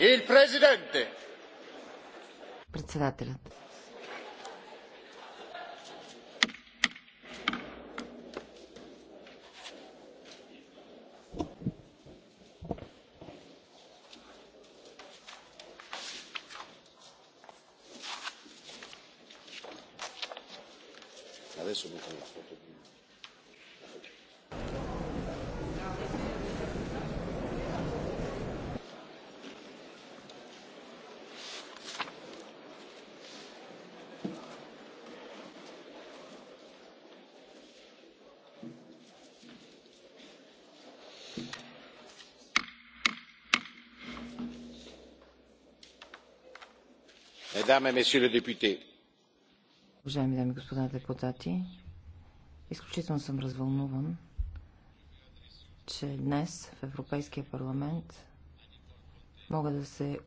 Il Presidente. Председателят. Adesso metto la foto di... Уважаеми дами и господа депутати, изключително съм развълнуван, че днес в Европейския парламент мога да се